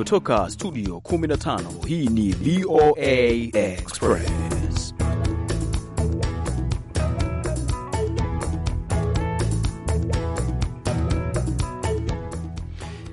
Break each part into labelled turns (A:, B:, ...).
A: kutoka studio 15 hii ni VOA Express.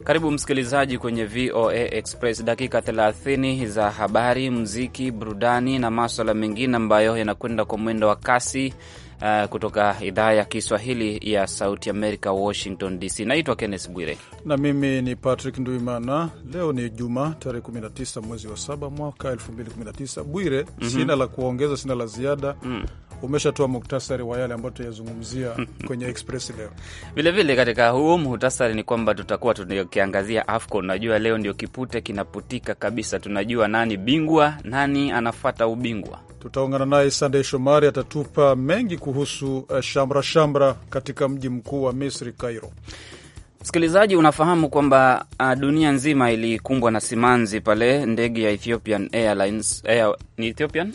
B: Karibu msikilizaji kwenye VOA Express, dakika 30 za habari, muziki, burudani na maswala mengine ambayo yanakwenda kwa mwendo wa kasi uh, kutoka idhaa ya Kiswahili ya Sauti Amerika, Washington DC. Naitwa Kenneth Bwire
A: na mimi ni Patrick Nduimana. Leo ni Juma tarehe 19 mwezi wa 7 mwaka 2019. Bwire, mm -hmm. sina la kuongeza, sina la ziada mm -hmm umeshatoa muktasari wa yale ambayo tutayazungumzia kwenye Express leo.
B: Vilevile katika huu muhtasari ni kwamba tutakuwa tukiangazia AFCON. Najua leo ndio kipute kinaputika kabisa, tunajua nani bingwa, nani anafata
A: ubingwa. Tutaungana naye Sandey Shomari, atatupa mengi kuhusu eh, shamra shamra katika mji mkuu wa Misri, Cairo. Msikilizaji, unafahamu kwamba
B: ah, dunia nzima ilikumbwa na simanzi pale ndege ya Ethiopian Airlines, Air, eh, ni Ethiopian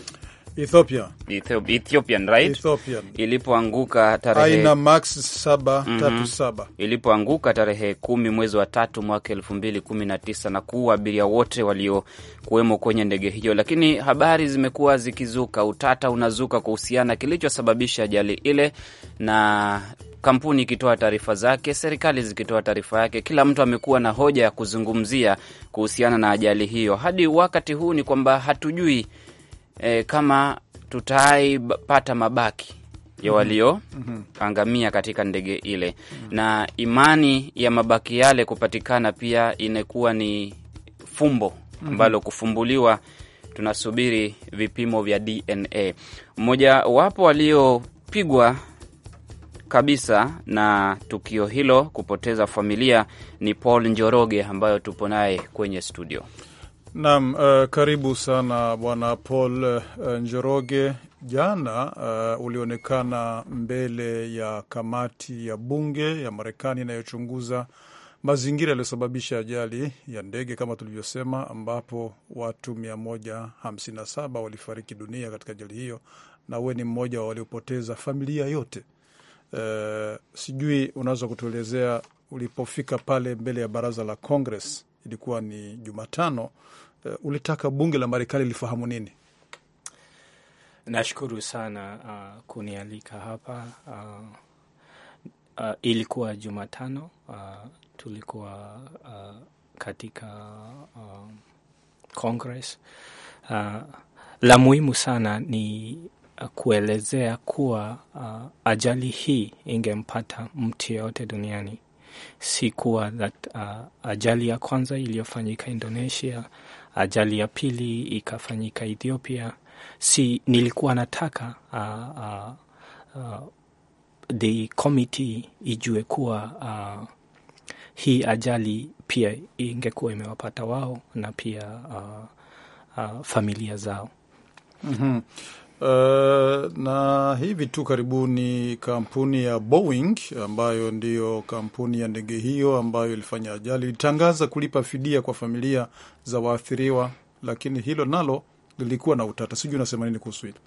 B: Ethiopia. Ethiopian, right? Ethiopian. Ilipoanguka tarehe aina
A: max 737 mhm.
B: ilipoanguka tarehe kumi mwezi wa tatu mwaka elfu mbili kumi na tisa na kuua abiria wote waliokuwemo kwenye ndege hiyo, lakini habari zimekuwa zikizuka, utata unazuka kuhusiana kilichosababisha ajali ile, na kampuni ikitoa taarifa zake, serikali zikitoa taarifa yake, kila mtu amekuwa na hoja ya kuzungumzia kuhusiana na ajali hiyo. Hadi wakati huu ni kwamba hatujui e, kama tutaipata mabaki ya mhm. walioangamia mhm. katika ndege ile, na imani ya mabaki yale kupatikana pia inakuwa ni fumbo mhm. ambalo kufumbuliwa tunasubiri vipimo vya DNA. Mmojawapo waliopigwa kabisa na tukio hilo kupoteza familia ni Paul Njoroge ambayo tupo naye kwenye studio.
A: Naam, uh, karibu sana bwana Paul uh, Njoroge. Jana uh, ulionekana mbele ya kamati ya bunge ya Marekani inayochunguza mazingira yaliyosababisha ajali ya ndege kama tulivyosema, ambapo watu 157 walifariki dunia katika ajali hiyo, na wewe ni mmoja wa waliopoteza familia yote. Uh, sijui unaweza kutuelezea ulipofika pale mbele ya baraza la Congress, ilikuwa ni Jumatano uh, ulitaka bunge la Marekani lifahamu nini?
C: Nashukuru sana uh, kunialika hapa uh, uh, ilikuwa Jumatano uh, tulikuwa uh, katika uh, Congress uh, la muhimu sana ni kuelezea kuwa uh, ajali hii ingempata mtu yeyote duniani. Si kuwa that, uh, ajali ya kwanza iliyofanyika Indonesia ajali ya pili ikafanyika Ethiopia, si nilikuwa nataka uh, uh, uh, the committee ijue kuwa uh, hii ajali pia
A: ingekuwa imewapata wao na pia uh, uh,
C: familia zao.
A: mm -hmm. Uh, na hivi tu karibuni kampuni ya Boeing ambayo ndiyo kampuni ya ndege hiyo ambayo ilifanya ajali ilitangaza kulipa fidia kwa familia za waathiriwa, lakini hilo nalo lilikuwa na utata. Sijui unasema nini kuhusu hilo?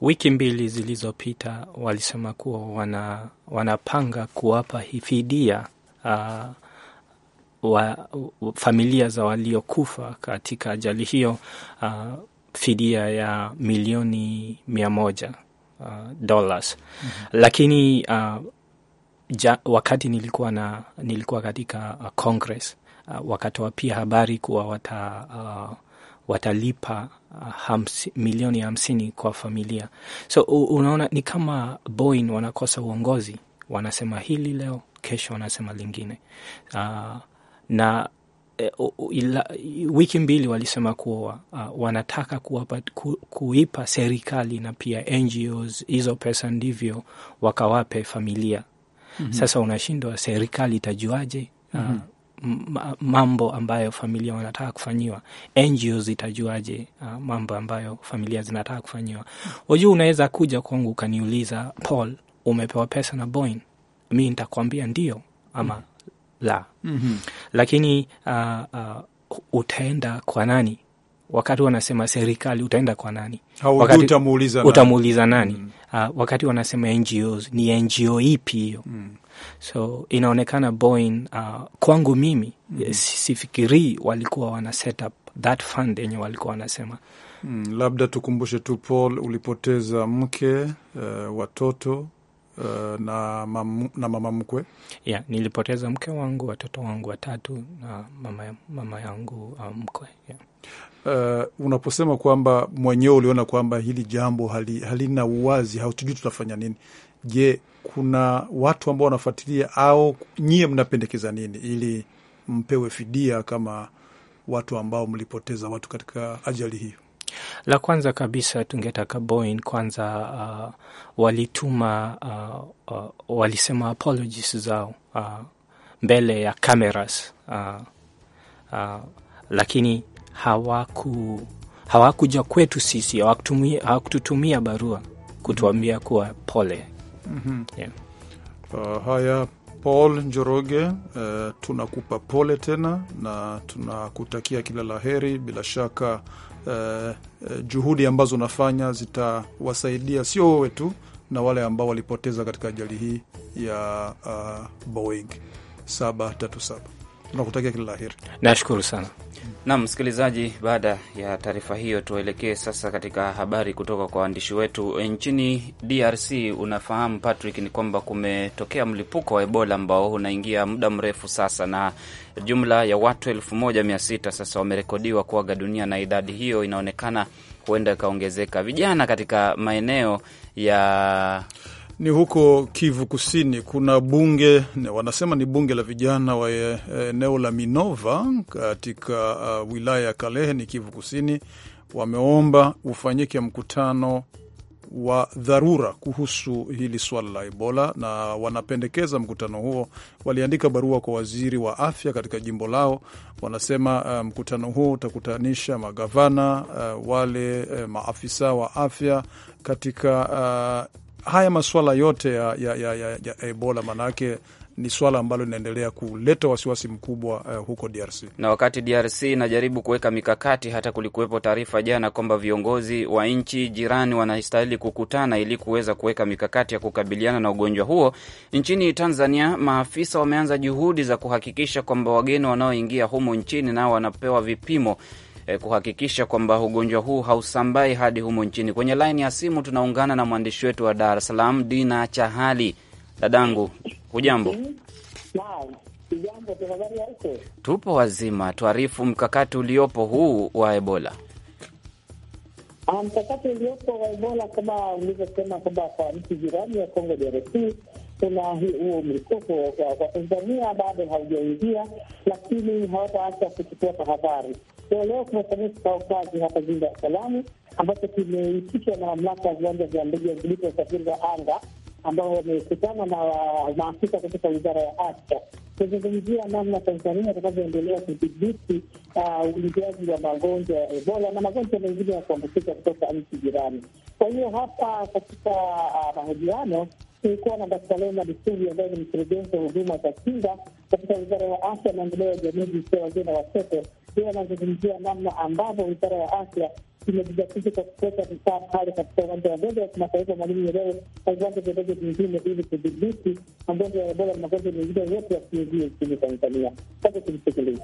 C: Wiki mbili zilizopita walisema kuwa wana, wanapanga kuwapa fidia uh, wa, familia za waliokufa katika ajali hiyo uh, fidia ya milioni mia moja uh, dollars mm -hmm. Lakini uh, ja, wakati nilikuwa na nilikuwa katika uh, Congress uh, wakatoa pia habari kuwa wata uh, watalipa uh, hamsi, milioni hamsini kwa familia. So unaona ni kama Boeing wanakosa uongozi, wanasema hili leo, kesho wanasema lingine uh, na uh, ila, wiki mbili walisema kuwa uh, wanataka kuwapa, ku, kuipa serikali na pia NGOs hizo pesa ndivyo wakawape familia mm -hmm. Sasa unashindwa serikali itajuaje? uh, mm -hmm mambo ambayo familia wanataka kufanyiwa, NGOs itajuaje uh, mambo ambayo familia zinataka kufanyiwa? Wajua, unaweza kuja kwangu ukaniuliza, Paul, umepewa pesa na Boeing, mi nitakuambia ndio ama mm -hmm. la mm -hmm lakini uh, uh, utaenda kwa nani? Wakati wanasema serikali, utaenda kwa nani? Wakati utamuuliza nani, utamuuliza nani? Mm. Uh, wakati wanasema NGOs, ni NGO ipi hiyo? Mm. So inaonekana Boeing uh, kwangu mimi mm. Eh, sifikirii walikuwa wana set up that fund yenye walikuwa wanasema mm.
A: Labda tukumbushe tu Paul, ulipoteza mke uh, watoto Eh, na, na mama mkwe yeah, nilipoteza mke wangu, watoto wangu watatu
C: na mama, mama yangu uh, mkwe yeah.
A: Uh, unaposema kwamba mwenyewe uliona kwamba hili jambo hali, halina uwazi, hautujui tutafanya nini, je, kuna watu ambao wanafuatilia au nyie mnapendekeza nini ili mpewe fidia kama watu ambao mlipoteza watu katika ajali hiyo?
C: La kwanza kabisa tungetaka Boeing kwanza, uh, walituma uh, uh, walisema apologies zao uh, mbele ya cameras uh, uh, lakini hawaku hawakuja kwetu sisi, hawakututumia barua kutuambia kuwa pole. mm
A: -hmm. yeah. Uh, haya Paul Njoroge, uh, tunakupa pole tena na tunakutakia kila la heri. Bila shaka Eh, eh, juhudi ambazo unafanya zitawasaidia sio wewe tu na wale ambao walipoteza katika ajali hii ya uh, Boeing 737 tunakutakia kila la
C: Nashukuru sana.
B: Naam, msikilizaji, baada ya taarifa hiyo, tuelekee sasa katika habari kutoka kwa waandishi wetu nchini DRC. Unafahamu Patrick, ni kwamba kumetokea mlipuko wa Ebola ambao unaingia muda mrefu sasa, na jumla ya watu elfu moja mia sita sasa wamerekodiwa kuaga dunia, na idadi hiyo inaonekana huenda ikaongezeka. Vijana katika maeneo ya
A: ni huko Kivu Kusini. Kuna bunge wanasema ni bunge la vijana wa eh, eneo la Minova katika uh, wilaya ya Kalehe ni Kivu Kusini, wameomba ufanyike mkutano wa dharura kuhusu hili swala la Ebola na wanapendekeza mkutano huo. Waliandika barua kwa waziri wa afya katika jimbo lao, wanasema uh, mkutano huo utakutanisha magavana uh, wale uh, maafisa wa afya katika uh, haya masuala yote ya, ya, ya, ya, ya Ebola manake ni swala ambalo linaendelea kuleta wasiwasi mkubwa uh, huko DRC
B: na wakati DRC inajaribu kuweka mikakati, hata kulikuwepo taarifa jana kwamba viongozi wa nchi jirani wanastahili kukutana ili kuweza kuweka mikakati ya kukabiliana na ugonjwa huo. Nchini Tanzania, maafisa wameanza juhudi za kuhakikisha kwamba wageni wanaoingia humo nchini nao wanapewa vipimo eh, kuhakikisha kwamba ugonjwa huu hausambai hadi humo nchini. Kwenye laini ya simu tunaungana na mwandishi wetu wa Dar es Salaam, Dina Chahali. Dadangu, hujambo? Tupo wazima. Tuarifu mkakati uliopo huu wa Ebola.
D: Ah, mkakati uliopo wa Ebola kama ulivyosema kwamba kwa nchi jirani ya Kongo DRC kuna huo mlipuko, wa Tanzania bado haujaingia, lakini hawataacha kuchukua tahadhari kwa leo kumefanyia kikao kazi hapa jijini Dar es Salaam ambacho kimeitishwa na mamlaka ya viwanja vya ndege vilivyo usafiri wa anga ambao wamekutana na maafisa kutoka wizara ya afya kuzungumzia namna Tanzania itakavyoendelea kudhibiti ah, uingiaji wa magonjwa ya Ebola na magonjwa mengine ya kuambukiza kutoka nchi jirani. Kwa hiyo hapa katika ah, mahojiano tulikuwa na Dakta Lema Disubi ambaye ni mkurugenzi wa huduma za kinga katika wizara ya afya, maendeleo ya jamii, jinsia, wazee na watoto pia anazungumzia namna ambavyo wizara ya afya imejizatiti kwa kukosa vifaa pale katika uwanja wa ndege wa kimataifa Mwalimu Nyerere na viwanja vya ndege vingine ili kudhibiti magonjwa ya Ebola na magonjwa mengine yote yasiingie nchini Tanzania. Sasa tumsikilize.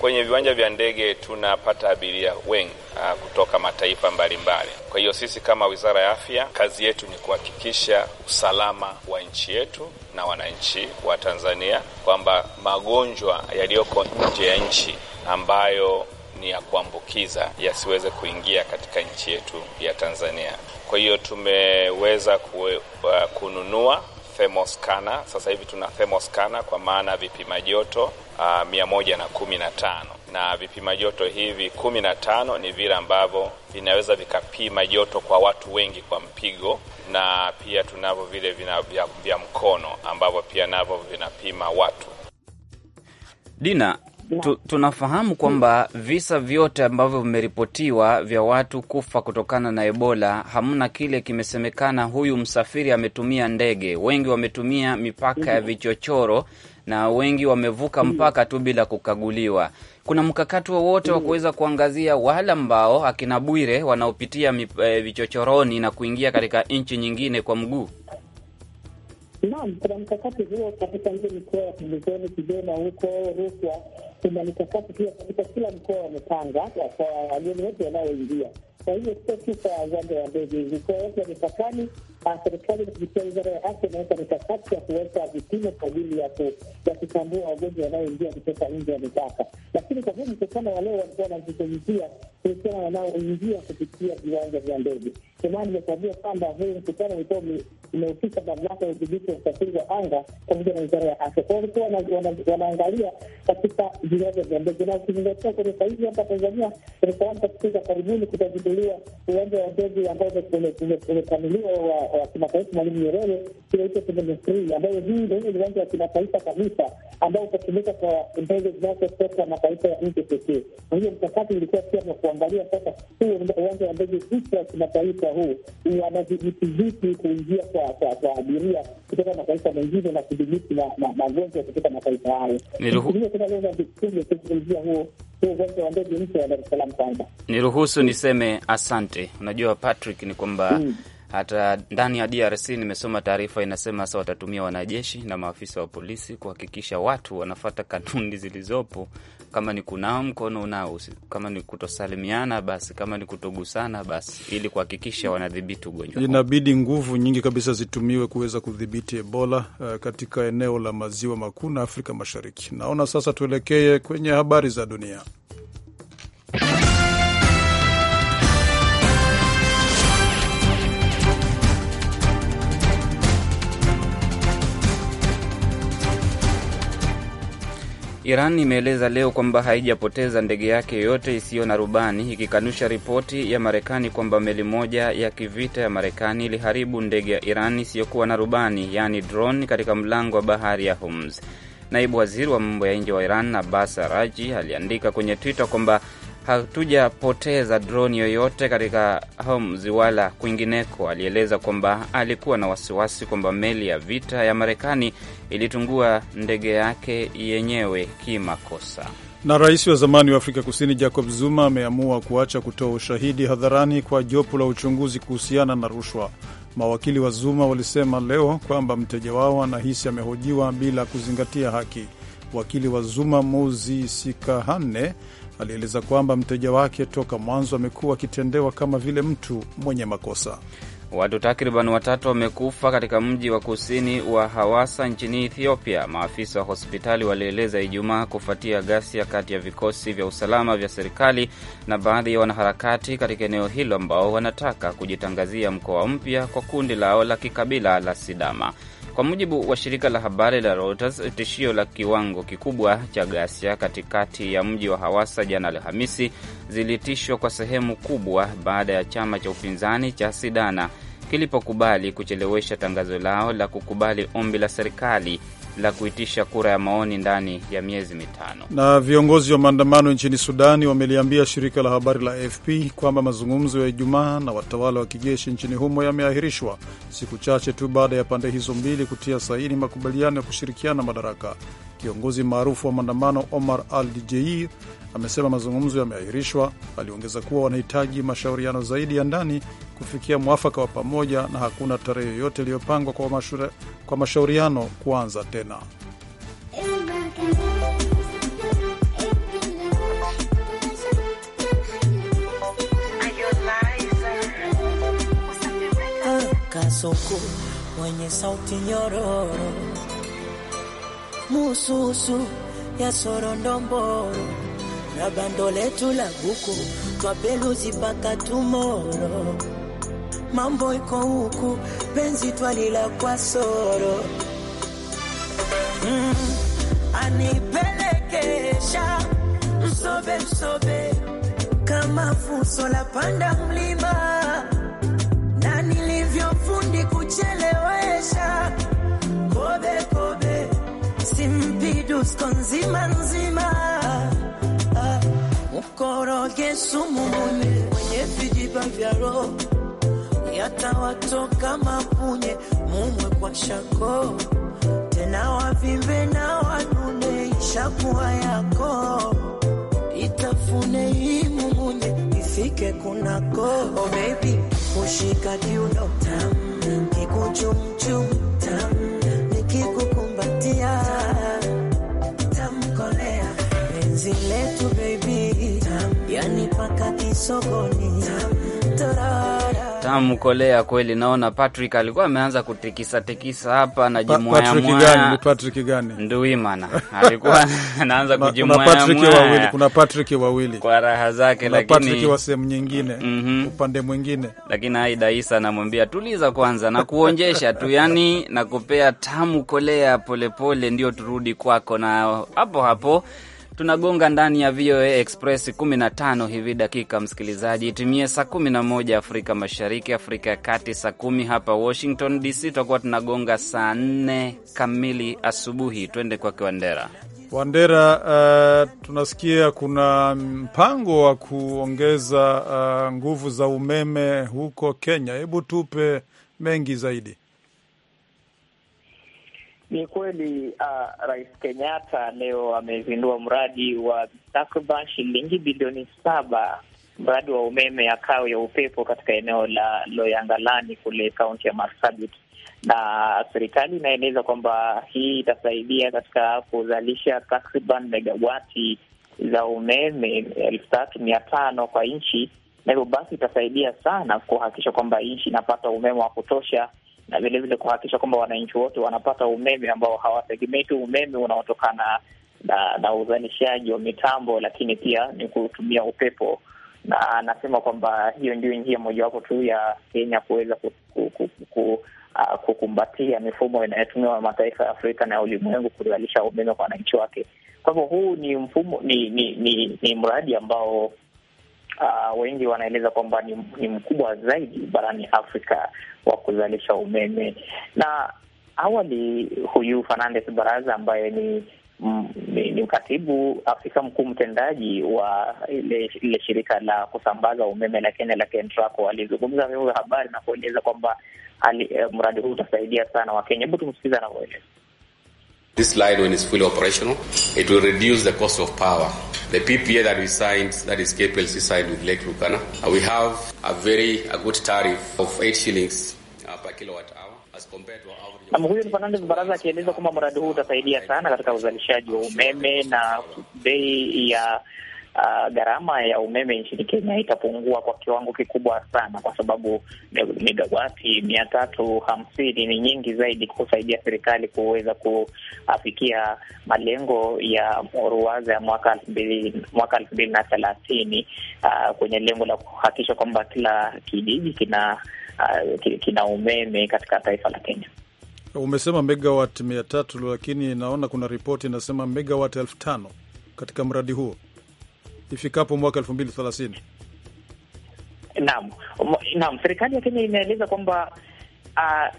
B: Kwenye viwanja vya ndege tunapata abiria wengi ah, kutoka mataifa mbalimbali. Kwa hiyo sisi kama Wizara ya Afya, kazi yetu ni kuhakikisha usalama wa nchi yetu na wananchi wa Tanzania, kwamba magonjwa yaliyoko nje ya nchi ambayo ni ya kuambukiza yasiweze kuingia katika nchi yetu ya Tanzania. Kwa hiyo tumeweza kue, uh, ah, kununua thermoskana. Sasa hivi tuna thermoskana kwa maana vipima joto uh, mia moja na kumi na tano na vipima joto hivi kumi na tano ni vile ambavyo vinaweza vikapima joto kwa watu wengi kwa mpigo, na pia tunavyo vile vina vya, vya mkono ambavyo pia navyo vinapima watu. Dina, tu, tunafahamu kwamba visa vyote ambavyo vimeripotiwa vya watu kufa kutokana na Ebola hamna kile kimesemekana huyu msafiri ametumia ndege, wengi wametumia mipaka ya mm-hmm. vichochoro na wengi wamevuka mpaka tu bila kukaguliwa. Kuna mkakati wowote wa kuweza kuangazia wale ambao akina Bwire wanaopitia eh, vichochoroni na kuingia katika nchi nyingine kwa mguu?
D: Naam, kuna mkakati huo katika ile mikoa ya pembezoni, Kigoma huko Rukwa. Kuna mikakati pia katika kila mkoa wamepanga wageni wote wanaoingia kwa hiyo sio sifa ya uwanja wa ndege, ilikuwekwa mipakani. Serikali kupitia wizara ya afya inaweka mikakati ya kuweka vipimo kwa ajili ya kutambua wagonjwa wanaoingia kutoka nje ya mipaka, lakini kwa hiyo mkutano wa leo walikuwa wanazungumzia uhusiano wanaoingia kupitia viwanja vya ndege. Somali imekuambia kwamba huu mkutano ulikuwa umehusisha mamlaka ya udhibiti wa usafiri wa anga pamoja na wizara ya afya. Kwao walikuwa wanaangalia katika viwanja vya ndege, na ukizingatia kwenye sahizi hapa Tanzania, serikali kwa siku za karibuni kutazinduliwa uwanja wa ndege ambao umepanuliwa wa kimataifa Mwalimu Nyerere, kinaitwa Seven Three, ambayo hii ndio ni uwanja wa kimataifa kabisa ambao utatumika kwa ndege zinazotoka mataifa ya nje pekee. Kwa hiyo mkakati ulikuwa pia kuangalia sasa huu uwanja wa ndege upo wa kimataifa huu wanadhibiti vipi kuingia kwa abiria kutoka mataifa mengine na kudhibiti magonjwa kutoka mataifa hayo. Kuzungumzia huo
B: ni ruhusu niseme asante. Unajua Patrick, ni kwamba mm. Hata ndani ya DRC nimesoma taarifa inasema sasa watatumia wanajeshi na maafisa wa polisi kuhakikisha watu wanafata kanuni zilizopo, kama ni kunawa mkono unao, kama ni kutosalimiana basi, kama ni kutogusana basi, ili kuhakikisha wanadhibiti ugonjwa.
A: Inabidi nguvu nyingi kabisa zitumiwe kuweza kudhibiti Ebola uh, katika eneo la maziwa makuu na Afrika Mashariki. Naona sasa tuelekee kwenye habari za dunia.
B: Iran imeeleza leo kwamba haijapoteza ndege yake yoyote isiyo na rubani, ikikanusha ripoti ya Marekani kwamba meli moja ya kivita ya Marekani iliharibu ndege ya Iran isiyokuwa na rubani, yaani drone, katika mlango wa bahari ya Hormuz. Naibu waziri wa mambo ya nje wa Iran Abbas Araji aliandika kwenye Twitter kwamba hatujapoteza droni yoyote katika Hormuz wala kwingineko. Alieleza kwamba alikuwa na wasiwasi kwamba meli ya vita ya Marekani ilitungua ndege yake yenyewe kimakosa.
A: Na rais wa zamani wa Afrika Kusini Jacob Zuma ameamua kuacha kutoa ushahidi hadharani kwa jopo la uchunguzi kuhusiana na rushwa. Mawakili wa Zuma walisema leo kwamba mteja wao anahisi amehojiwa bila kuzingatia haki. Wakili wa Zuma Mozi Sikahane alieleza kwamba mteja wake toka mwanzo amekuwa akitendewa kama vile mtu mwenye makosa.
B: Watu takriban watatu wamekufa katika mji wa kusini wa hawasa nchini Ethiopia, maafisa wa hospitali walieleza Ijumaa, kufuatia ghasia kati ya vikosi vya usalama vya serikali na baadhi ya wanaharakati katika eneo hilo ambao wanataka kujitangazia mkoa mpya kwa kundi lao la kikabila la Sidama. Kwa mujibu wa shirika la habari la Reuters, tishio la kiwango kikubwa cha ghasia katikati ya mji wa hawasa jana Alhamisi zilitishwa kwa sehemu kubwa baada ya chama cha upinzani cha Sidana kilipokubali kuchelewesha tangazo lao la kukubali ombi la serikali la kuitisha kura ya maoni ndani ya miezi mitano.
A: Na viongozi wa maandamano nchini Sudani wameliambia shirika la habari la AFP kwamba mazungumzo ya Ijumaa na watawala wa kijeshi nchini humo yameahirishwa siku chache tu baada ya pande hizo mbili kutia saini makubaliano ya kushirikiana madaraka. Kiongozi maarufu wa maandamano Omar Al Dji amesema mazungumzo yameahirishwa. Aliongeza kuwa wanahitaji mashauriano zaidi ya ndani kufikia mwafaka wa pamoja, na hakuna tarehe yoyote iliyopangwa kwa, kwa mashauriano kuanza tena.
E: mwenye sauti nyororo mususu ya sorondomboro na bando letu la buku twapeluzi mpaka tumoro mambo iko huku penzi twalila kwa soro mm, anipelekesha msobe msobe kama fuso la panda mlima Moscow nzima nzima, ah, mkoroge sumu mune mwenye vijiba vya roho yatawatoka mapunye, mumwe kwa shako tena wavimbe na wanune, ishakuwa yako itafune hii mumunye ifike kunako. Oh baby, ushika kiuno tam kikuchumchum tam baby, yani paka kisogoni
B: tamu kolea kweli. Naona Patrick alikuwa ameanza kutikisa tikisa hapa na mwaya.
A: Patrick gani? Nduimana alikuwa anaanza kujimwaya mwaya. Patrick wawili, kuna Patrick wawili kwa
B: raha zake, lakini Patrick wa sehemu
A: nyingine, mm -hmm. upande mwingine,
B: lakini Aida Isa anamwambia tuliza kwanza na kuonjesha tu, yani nakupea tamu kolea polepole, ndio turudi kwako na hapo hapo tunagonga ndani ya VOA Express 15 hivi dakika, msikilizaji, itimie saa 11 Afrika Mashariki, Afrika ya Kati saa kumi, hapa Washington DC tutakuwa tunagonga saa 4 kamili asubuhi. Twende kwake Wandera.
A: Wandera, uh, tunasikia kuna mpango wa kuongeza uh, nguvu za umeme huko Kenya. Hebu tupe mengi zaidi.
F: Ni kweli uh, Rais Kenyatta leo amezindua mradi wa takriban shilingi bilioni saba, mradi wa umeme ya kawi ya upepo katika eneo la Loyangalani kule kaunti ya Marsabit, na serikali inaeleza kwamba hii itasaidia katika kuzalisha takriban megawati za umeme elfu tatu mia tano kwa nchi, na hivyo basi itasaidia sana kuhakikisha kwamba nchi inapata umeme wa kutosha na vile kuhakikisha kwamba wananchi wote wanapata umeme ambao hawategemei tu umeme unaotokana na, na uzalishaji wa mitambo, lakini pia ni kutumia upepo na anasema kwamba hiyo ndio njia mojawapo tu ya Kenya kuweza kukumbatia mifumo inayotumiwa na mataifa ya Afrika na ulimwengu kuzalisha umeme kwa wananchi wake. Kwa hivyo huu ni mfumo, ni, ni, ni, ni mradi ambao uh, wengi wanaeleza kwamba ni, ni mkubwa zaidi barani Afrika wa kuzalisha umeme. Na awali huyu Fernandes Baraza ambaye ni ni, mkatibu katibu afisa mkuu mtendaji wa ile, ile shirika la kusambaza umeme la Kenya la KETRACO alizungumza vyombo vya habari na kueleza kwamba eh, mradi huu utasaidia sana Wakenya. Hebu tumsikiza anavyoeleza.
B: This line, when it's fully operational, it will reduce the cost of power. The PPA that we signed, that is KPLC signed with Lake Lucana, uh, we have a very a good tariff of 8 shillings uh, per kilowatt hour.
F: Huyu ni Fernandes Baraza akieleza kwamba mradi huu utasaidia sana katika uzalishaji wa umeme na bei ya uh, gharama ya umeme nchini Kenya itapungua kwa kiwango kikubwa sana, kwa sababu megawati mia tatu hamsini ni nyingi zaidi kusaidia serikali kuweza kuafikia malengo ya ruwaza ya mwaka elfu mbili mwaka elfu mbili na thelathini uh, kwenye lengo la kuhakikisha kwamba kila kijiji kina uh, kina umeme katika taifa la
G: Kenya.
A: Umesema megawat mia tatu, lakini naona kuna ripoti inasema megawat elfu tano katika mradi huo ifikapo mwaka elfu mbili thelathini. Naam,
F: naam, serikali ya Kenya imeeleza kwamba uh,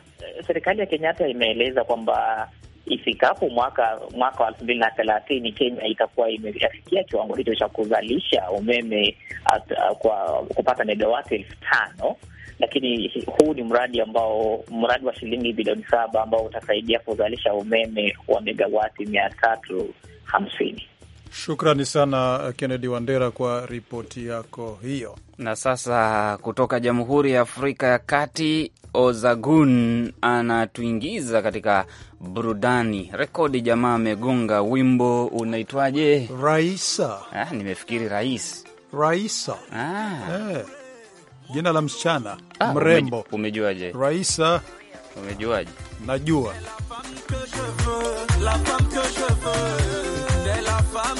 F: serikali ya Kenyatta imeeleza kwamba ifikapo mwaka mwaka wa elfu mbili na thelathini Kenya itakuwa imefikia kiwango hicho cha kuzalisha umeme at, uh, kwa kupata megawati elfu tano lakini huu ni mradi ambao mradi wa shilingi bilioni saba ambao utasaidia kuzalisha umeme wa megawati mia tatu
A: hamsini. Shukrani sana uh, Kennedy Wandera kwa ripoti yako hiyo.
B: Na sasa kutoka Jamhuri ya Afrika ya Kati, Ozagun anatuingiza katika burudani. Rekodi jamaa amegonga wimbo
A: unaitwaje? Raisa. Ah, nimefikiri rais Raisa. Ah. Eh, jina la msichana ah, mrembo. Umejuaje? Raisa. Umejuaje? Najua. La femme que je veux,
E: la femme que je veux. I'm.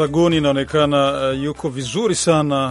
A: Zaguni inaonekana uh, yuko vizuri sana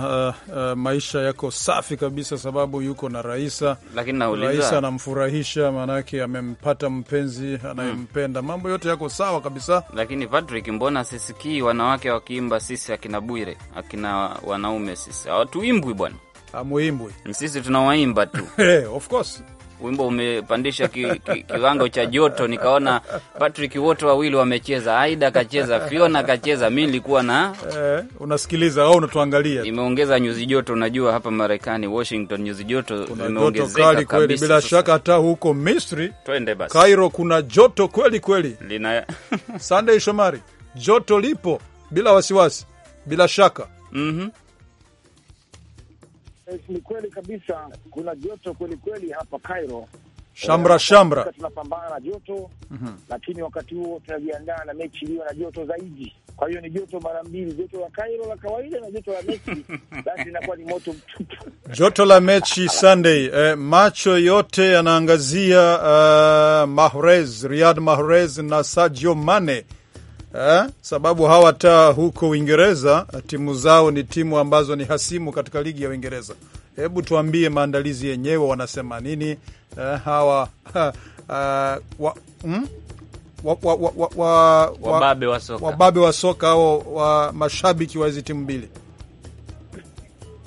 A: uh, uh, maisha yako safi kabisa, sababu yuko na Raisa. Lakini nauliza, Raisa anamfurahisha, maanake amempata mpenzi anayempenda, mambo yote yako sawa kabisa.
B: Lakini Patrick, mbona sisikii wanawake wakiimba? Sisi akina Bwire, akina wanaume sisi hawatuimbwi bwana, hamuimbwi, sisi tunawaimba tu of course wimbo umepandisha kiwango ki, kiwango cha joto, nikaona Patrick wote wawili wamecheza, Aida kacheza, Fiona kacheza, mi nilikuwa na
A: eh, unasikiliza
B: au unatuangalia. Imeongeza nyuzi joto, unajua hapa Marekani Washington nyuzi joto imeongezeka kweli, bila shaka
A: hata huko Misri. Twende basi Cairo, kuna joto kweli kweli lina Sunday Shomari, joto lipo bila wasiwasi, bila shaka mm -hmm.
H: Eh, ni kweli kabisa, kuna joto kweli kweli hapa Cairo,
A: shamra eh, shamra.
E: Tunapambana na joto mm -hmm.
H: Lakini wakati huo tunajiandaa na mechi iliyo na joto zaidi. Kwa hiyo ni joto mara mbili, joto
A: la Cairo la kawaida na joto la mechi basi inakuwa ni moto mtupu. Joto la mechi Sunday, eh, macho yote yanaangazia uh, Mahrez, Riyad Mahrez na Sadio Mane eh, sababu hawa taa huko Uingereza timu zao ni timu ambazo ni hasimu katika ligi ya Uingereza. Hebu tuambie maandalizi yenyewe wanasema nini eh, hawa ha, uh, wa, mm? Wa, wa, wa, wa, wa, wababe wa soka au wa mashabiki wa hizi timu mbili.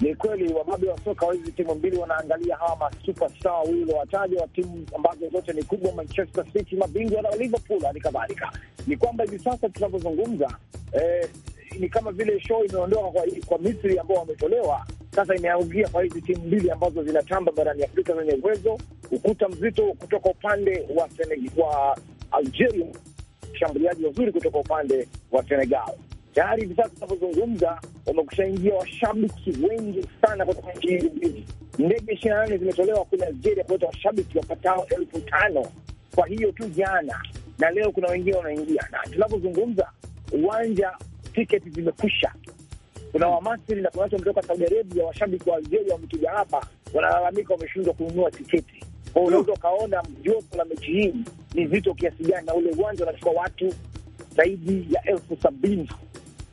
H: Ni kweli wababe wa soka wa hizi timu mbili wanaangalia hawa masuperstar wawili wawataja wa timu ambazo zote ni kubwa, Manchester City mabingwa na Liverpool, hali kadhalika. Ni kwamba hivi sasa tunavyozungumza, eh, ni kama vile show imeondoka kwa, kwa Misri ambao wametolewa sasa imeangukia kwa hizi timu mbili ambazo zinatamba barani Afrika zenye uwezo. Ukuta mzito kutoka upande wa Senegal, wa Algeria, washambuliaji wazuri kutoka upande wa Senegal tayari hivi sasa tunavyozungumza, wamekushaingia washabiki wengi sana kutoka nchi hizi mbili. Ndege ishirini na nane zimetolewa kule Algeria kuleta washabiki wapatao elfu tano kwa hiyo tu jana, na leo kuna wengine wanaingia, na tunavyozungumza uwanja tiketi zimekwisha. Kuna Wamasri na kuna watu wametoka Saudi Arabia, washabiki wa Algeria wamekuja hapa, wanalalamika wameshindwa kununua tiketi. unaweza ukaona joto la mechi hii ni zito kiasi gani, na ule uwanja unachukua watu zaidi ya elfu sabini.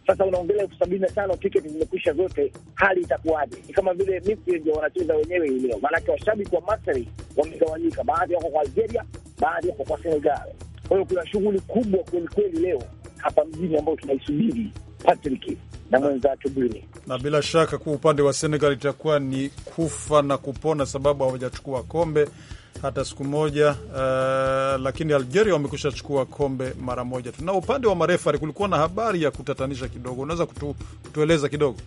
H: Sasa unaongelea elfu sabini na tano tiketi zimekwisha zote, hali itakuwaje? Ni kama vile Misri ndio wanacheza wenyewe hii leo, maanake washabiki wa Masri wamegawanyika, baadhi wako kwa Algeria, baadhi wako kwa Senegal. Kwa hiyo kuna shughuli kubwa kwelikweli leo hapa mjini ambayo tunaisubiri Patrick na mwenzake Bwini,
A: na bila shaka kwa upande wa Senegal itakuwa ni kufa na kupona, sababu hawajachukua kombe hata siku moja uh, lakini Algeria wamekusha chukua kombe mara moja tu. Na upande wa marefari kulikuwa na habari ya kutatanisha kidogo, unaweza kutu, kutueleza kidogo?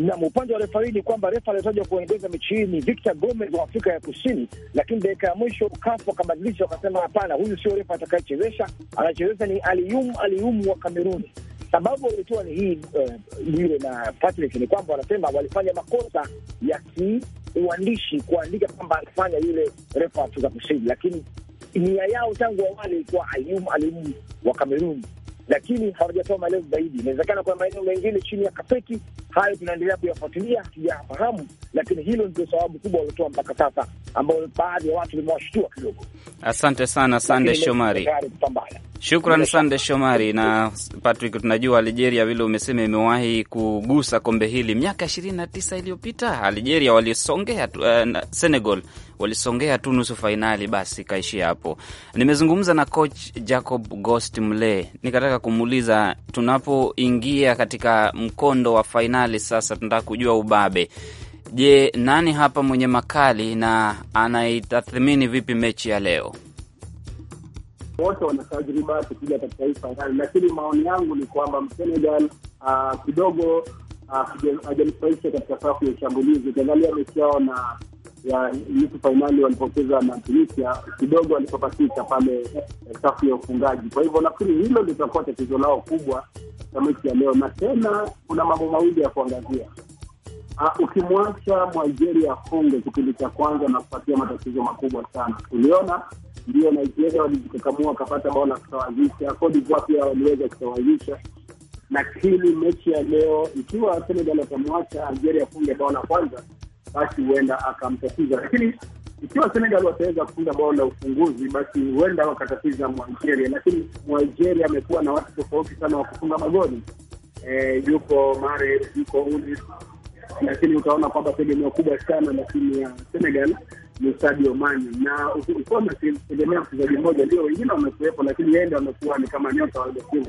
H: Naam, upande wa refari ni kwamba refa aliyetajwa kuongeza mechi hii ni Victor Gomez wa Afrika ya Kusini, lakini dakika ya mwisho CAF wakabadilisha wakasema, hapana, huyu sio refa atakayechezesha, anachezesha ni Aliyum Aliyum wa Kameruni. Sababu walitoa ni hii uh, na Patrick ni kwamba wanasema walifanya makosa ya ki uandishi kuandika kwamba alifanya yule refa Afrika Kusini, lakini nia yao tangu awali ilikuwa Ayoub alimu wa Kamerun lakini hawajatoa maelezo zaidi. Inawezekana kwa maeneo mengine chini ya kapeti, hayo tunaendelea kuyafuatilia, hatujayafahamu, lakini hilo ndio sababu kubwa waliotoa mpaka sasa, ambayo baadhi ya watu limewashutua kidogo.
B: Asante sana Sande Shomari. Shukran Sande Shomari na Patrick. Tunajua Algeria vile umesema imewahi kugusa kombe hili miaka ishirini na tisa iliyopita. Algeria walisongea uh, Senegal walisongea tu nusu fainali, basi kaishi hapo. Nimezungumza na coach Jacob Ghost Mle, nikataka kumuuliza tunapoingia katika mkondo wa fainali sasa, tunataka kujua ubabe. Je, nani hapa mwenye makali na anaitathmini vipi mechi ya leo?
I: Wote wana tajriba kupiga katika hii fainali, lakini maoni yangu ni kwamba Senegal ah, kidogo ah, hajamfurahisha katika safu ya ushambulizi. Ukiangalia mechi yao na ya nusu fainali walipocheza na Tunisia kidogo walipopatika pale eh, safu ya ufungaji. Kwa hivyo nafikiri hilo litakuwa tatizo lao kubwa na mechi ya leo, na tena kuna mambo mawili ya kuangazia. Ah, ukimwacha Nigeria afunge kipindi cha kwanza na kupatia matatizo makubwa sana, tuliona ndio Nigeria walijikakamua wakapata bao la kusawazisha. Cote d'Ivoire pia waliweza kusawazisha, lakini mechi ya leo ikiwa Senegal atamwacha Algeria afunge bao la kwanza basi huenda akamtatiza, lakini ikiwa Senegal wataweza kufunga bao la ufunguzi, basi huenda wakatatiza Mwaigeria. Lakini Mwaigeria amekuwa na watu tofauti sana wa kufunga magoli e, yuko Mare, yuko uli lakini utaona kwamba tegemeo kubwa sana na timu ya Senegal ni Sadio Mane, na ulikuwa unategemea mchezaji mmoja, ndio wengine wamekuwepo, lakini yeye ndo amekuwa ni kama nyota wa timu,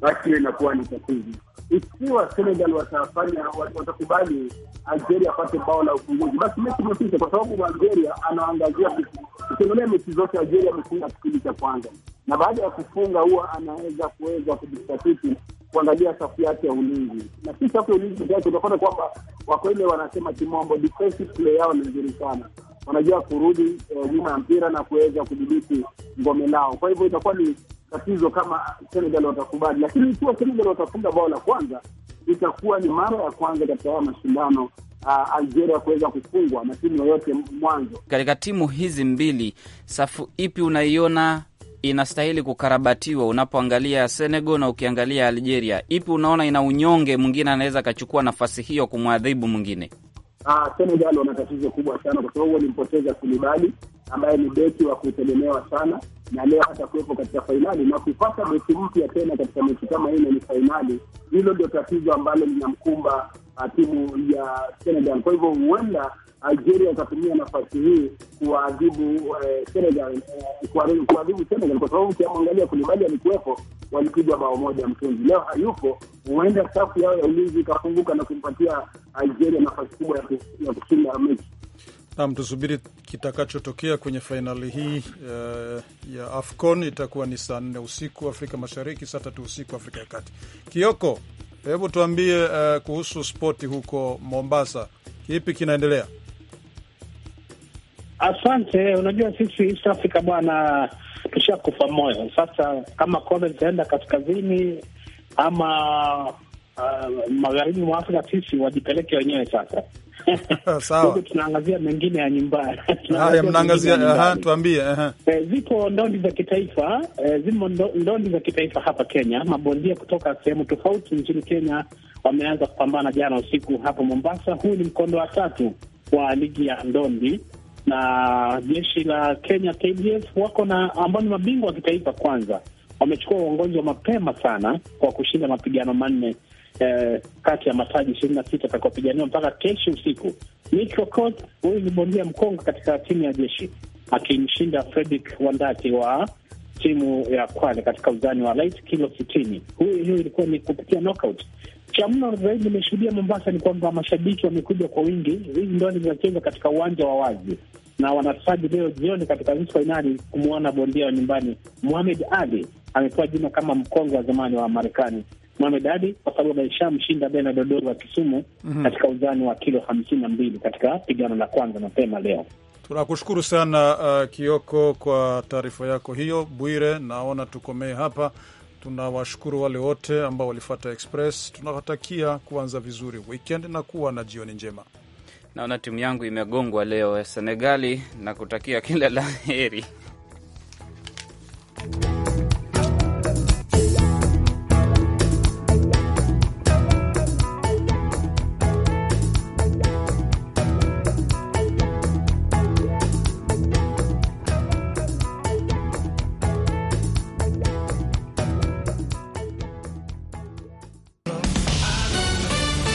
I: basi hiyo inakuwa ni tatizo ikiwa Senegal watafanya watakubali Algeria apate bao la ufunguzi, basi mechi imefika, kwa sababu Algeria anaangazia, ukiongelea mechi zote Algeria amefunga kipindi cha kwanza, na baada ya kufunga huwa anaweza kuweza kujistatiti kuangalia safu yake ya ulinzi, na si safu ya ulinzi yake, utakuta kwamba wakwele wanasema kimombo defensive play yao ni nzuri sana, wanajua kurudi eh, nyuma ya mpira na kuweza kudhibiti ngome lao, kwa hivyo itakuwa ni tatizo kama Senegal watakubali, lakini ikiwa Senegal watafunga bao la kwanza, itakuwa ni mara ya kwanza katika haya mashindano uh, Algeria kuweza kufungwa na timu yoyote mwanzo.
B: Katika timu hizi mbili, safu ipi unaiona inastahili kukarabatiwa unapoangalia Senegal na ukiangalia Algeria? Ipi unaona ina unyonge, mwingine anaweza akachukua nafasi hiyo kumwadhibu mwingine?
I: Uh, Senegal wana tatizo kubwa sana kwa sababu walimpoteza Kulibali ambaye ni beki wa kutegemewa sana na leo hata kuwepo katika fainali na kupata mechi mpya tena katika mechi kama hii ni fainali. Hilo ndio tatizo ambalo linamkumba ah, timu ya Senegal. Kwa hivyo huenda Algeria akatumia nafasi hii kuwaadhibu eh, Senegal, eh, kuadhibu Senegal kwa sababu ukiamwangalia Kulibali alikuwepo, walipigwa bao moja mtunzi. Leo hayupo, huenda safu yao ya ulinzi ikafunguka na kumpatia Algeria nafasi kubwa ya kushinda mechi.
A: Nam, tusubiri kitakachotokea kwenye fainali hii uh, ya AFCON. Itakuwa ni saa nne usiku Afrika Mashariki, saa tatu usiku Afrika ya Kati. Kioko, hebu tuambie uh, kuhusu spoti huko Mombasa, kipi kinaendelea?
G: Asante. Unajua sisi East Africa bwana,
A: tushakufa moyo sasa.
G: Kama kombe litaenda kaskazini ama uh, magharibi mwa Afrika, sisi wajipeleke wenyewe sasa sawa, tunaangazia mengine ya nyumbani.
A: Haya, mnaangazia,
G: tuambie. Eh, Ziko ndondi za kitaifa, eh, zimo ndondi za kitaifa hapa Kenya. Mabondia kutoka sehemu tofauti nchini Kenya wameanza kupambana jana usiku hapo Mombasa. Huu ni mkondo wa tatu wa ligi ya ndondi na jeshi la Kenya KDF wako na ambao ni mabingwa wa kitaifa kwanza wamechukua uongozi wa mapema sana kwa kushinda mapigano manne eh, kati ya mataji ishirini na sita atakaopiganiwa mpaka kesho usiku. Mitro huyu ni bondia mkongo katika timu ya jeshi, akimshinda Fredrick Wandati wa timu ya Kwale katika uzani wa light kilo sitini. Huyu hiyo ilikuwa ni kupitia knockout. Cha mno zaidi nimeshuhudia Mombasa ni kwamba mashabiki wamekuja kwa wingi. Hizi ndoani zinacheza katika uwanja wa wazi na wanataji leo jioni katika nusu fainali kumwona bondia wa nyumbani Muhamed Ali amepewa jina kama mkongwe wa zamani wa Marekani Mohamed Ali kwa sababu ameshamshinda Bena dodoro wa Kisumu mm -hmm. katika uzani wa kilo hamsini na mbili katika pigano la kwanza mapema leo.
A: Tunakushukuru sana uh, Kioko kwa taarifa yako hiyo. Bwire, naona tukomee hapa. Tunawashukuru wale wote ambao walifata Express. Tunawatakia kuanza vizuri weekend na kuwa na jioni njema.
B: Naona timu yangu imegongwa leo eh, Senegali na kutakia kila la heri.